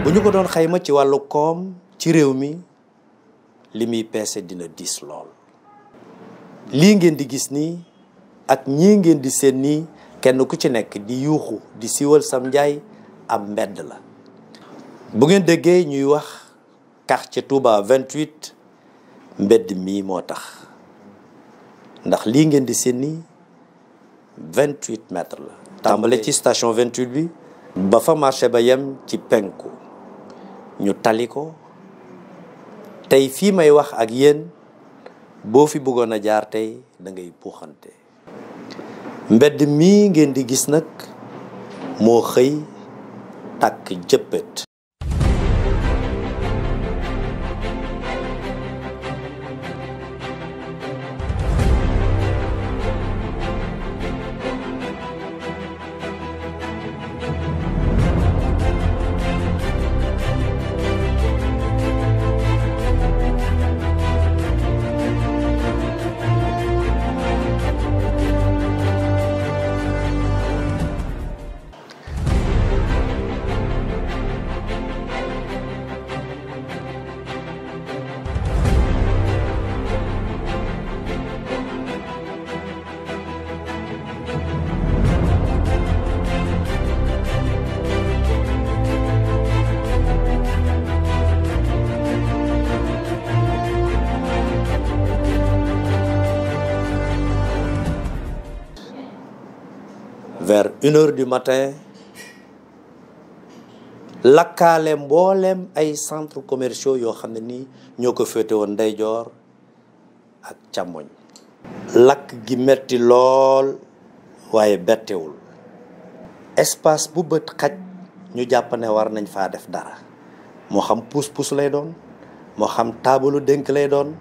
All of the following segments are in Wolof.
bu ñu ko doon xayma ci wàllu koom ci réew mi li muy peese dina diis lool lii ngeen di gis nii ak ñii ngeen di seen nii kenn ku ci nekk di yuuxu di siiwal sam njaay am mbedd la bu ngeen déggee ñuy wax quartier Touba 28 mbedd mii moo tax ndax lii ngeen di seen nii vingt la tàmbale ci station vingt bi ba fa marché ba yem ci penku ñu tali ko tey fii may wax ak yéen boo fi bëggoon a jaar tey dangay puuxante mbedd mii ngeen di gis nag moo xëy takk jëppët une heure du matin lakkaale mbooleem ay centres commerciaux yoo xam ne nii ñoo ko féete woon ndeyjoor ak càmmoñ lakk gi metti lool waaye bettewul espace bu bët xaj ñu jàpp ne war nañ faa def dara moo xam puus-puus lay doon moo xam taabalu dénk lay doon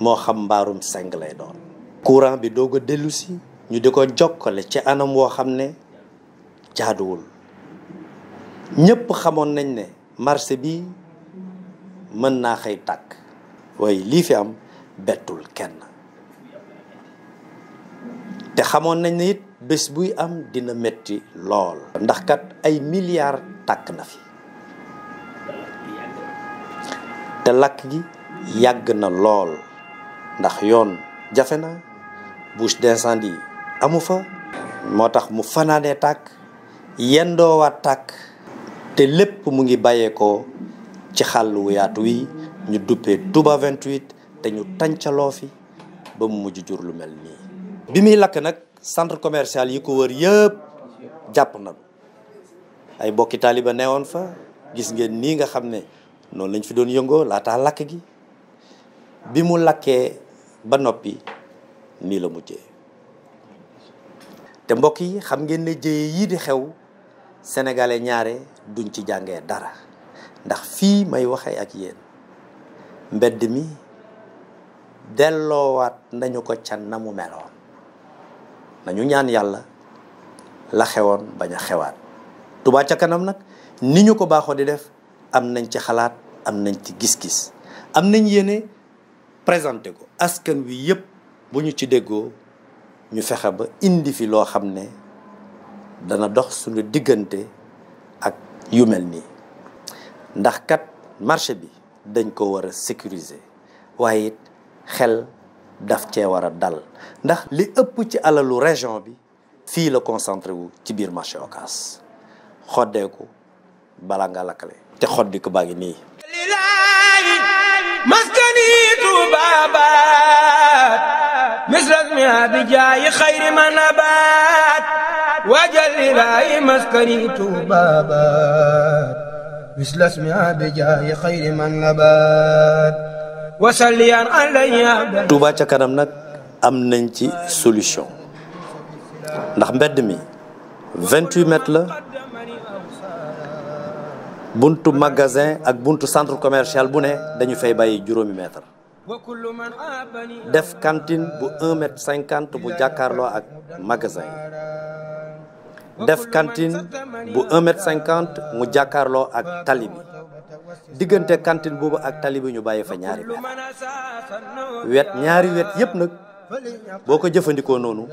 moo xam mbaarum seng lay doon courant bi doog a dellu ñu di ko jokkale ci anam woo xam ne jaaduwul ñépp xamoon nañ ne marché bi mën naa xëy tàkk waaye lii fi am bettul kenn te xamoon nañ ne it bés buy am dina metti lool ndax kat ay milliards tàkk na fi te lakk gi yàgg na lool ndax yoon jafe na bouche d'incendie amu fa moo tax mu fanaanee tàkk yendoowaat tàkk te lépp mu ngi bàyyeekoo ci xàll wu yaatu wi ñu duppee vingt 28 te ñu tàncaloo fi ba mu mujj jur lu mel nii. bi muy lakk nag centre commercial yi ko wër yëpp jàpp na ay bokki taaliba neewoon fa gis ngeen nii nga xam ne noonu lañ fi doon yëngoo laataa lakk gi bi mu lakkee ba noppi nii la mujjee te mbokk yi xam ngeen ne jëye yii di xew. sénégalais ñaare duñ ci jàngee dara ndax fii may waxee ak yéen mbedd mi delloowaat nañu ko ca namu mu meloon nañu ñaan yàlla la xewoon bañ a xewaat Touba ca kanam nag ni ñu ko baaxoo di def am nañ ci xalaat am nañ ci gis-gis am nañ yéene présenté ko askan wi yëpp bu ñu ci déggoo ñu fexe ba indi fi loo xam ne dana dox sunu diggante ak yu mel nii ndax kat marché bi dañ ko war a sécuriser waaye xel daf cee war a dal ndax li ëpp ci alalu région bi fii la concentré wu ci biir marché Ocass xoddeeku bala nga lakkale te xoddi ko baa ngi nii lilaahi baabaat misras mi abijaayi xayri ma nabaat wajal ilaahi maskani tuubaabaat misla ismi abijaahi xayri man nabaat wasalli an alayhi Touba ca kanam nag am nañ ci solution ndax mbedd mi 28 mètres la buntu magasin ak buntu centre commercial bu ne dañu fay bàyyi juróomi mètre def cantine bu 1 mètre bu jàkkaarloo ak magasin def cantine bu 1 mètre 50 mu jàkkaarloo ak tali bi diggante cantine boobu ak tali ñu bàyyi fa ñaari wet ñaari wet yépp nag boo ko jëfandikoo noonu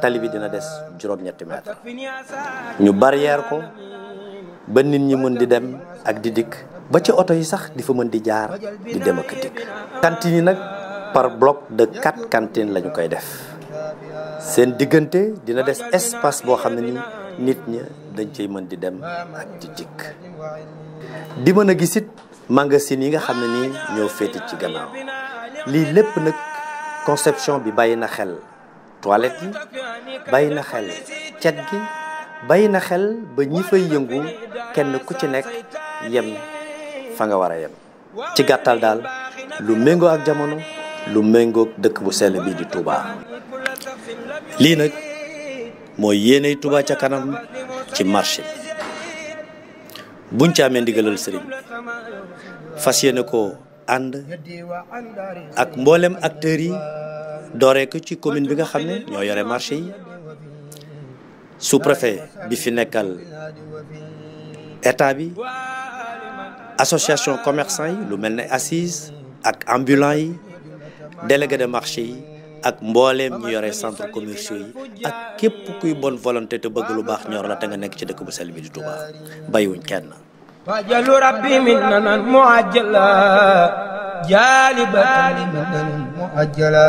talibi dina des juróom-ñetti mètre ñu barrière ko ba nit ñi mën di dem ak di dikk ba ci oto yi sax di fa mën di jaar di dem ak dikk cantine yi nag par bloc de quatre cantines lañu koy def seen diggante dina des espace boo xam ne ni nit ña dañ cay mën di dem ak di dikk di mën a gisit magasin yi nga xam ne ni ñoo féete ci gannaaw lii lépp nag conception bi bàyyi na xel toilette yi bàyyi na xel cet gi bàyyi na xel ba ñi fay yëngu kenn ku ci nekk yem fa nga war a yem ci gàttal daal lu méngoo ak jamono lu méngook dëkk bu sell bi di tuubaa lii nag mooy yéeney Touba ca kanam ci marché buñ ci amee ndigalal sëriñ fas yéene ko ànd ak mboolem acteurs yi dooree ci commune bi nga xam ne ñoo yore marché yi sous-préfet bi fi nekkal état bi association commerçant yi lu mel ni assise ak ambulant yi délégué de marché yi ak mbooleem ñu yore centre commerciaux yi ak képp kuy bonne volonté te bëgg lu baax ñor la te nga nekk ci dëkk bu sell bi di Touba bàyyiwuñ kenn wajalu rabbi min nanan mu ajjala jaalibatan min nanan mu ajjala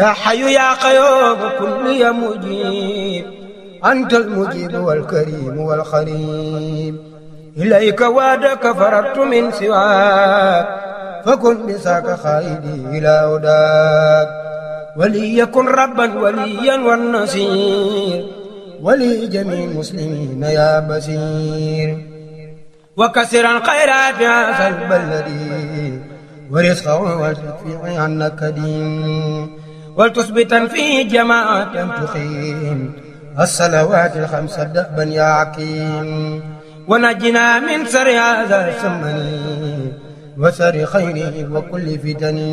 yaa xayu yaa xayooba kulli ya mujib anta almujib walkarim walxarim ilayka waadaka farartu min siwaak فكن بساك خالدي إلى هداك وليكن ربا وليا والنصير ولجميع المسلمين يا بصير وكسرا خيرات يا صلب الذي ورزقه والشفيع عنك دين ولتثبتا فيه جماعة تقيم الصلوات الخمس دأبا يا عكيم ونجنا من سر هذا السمني wa sari xayri wa kulli fitani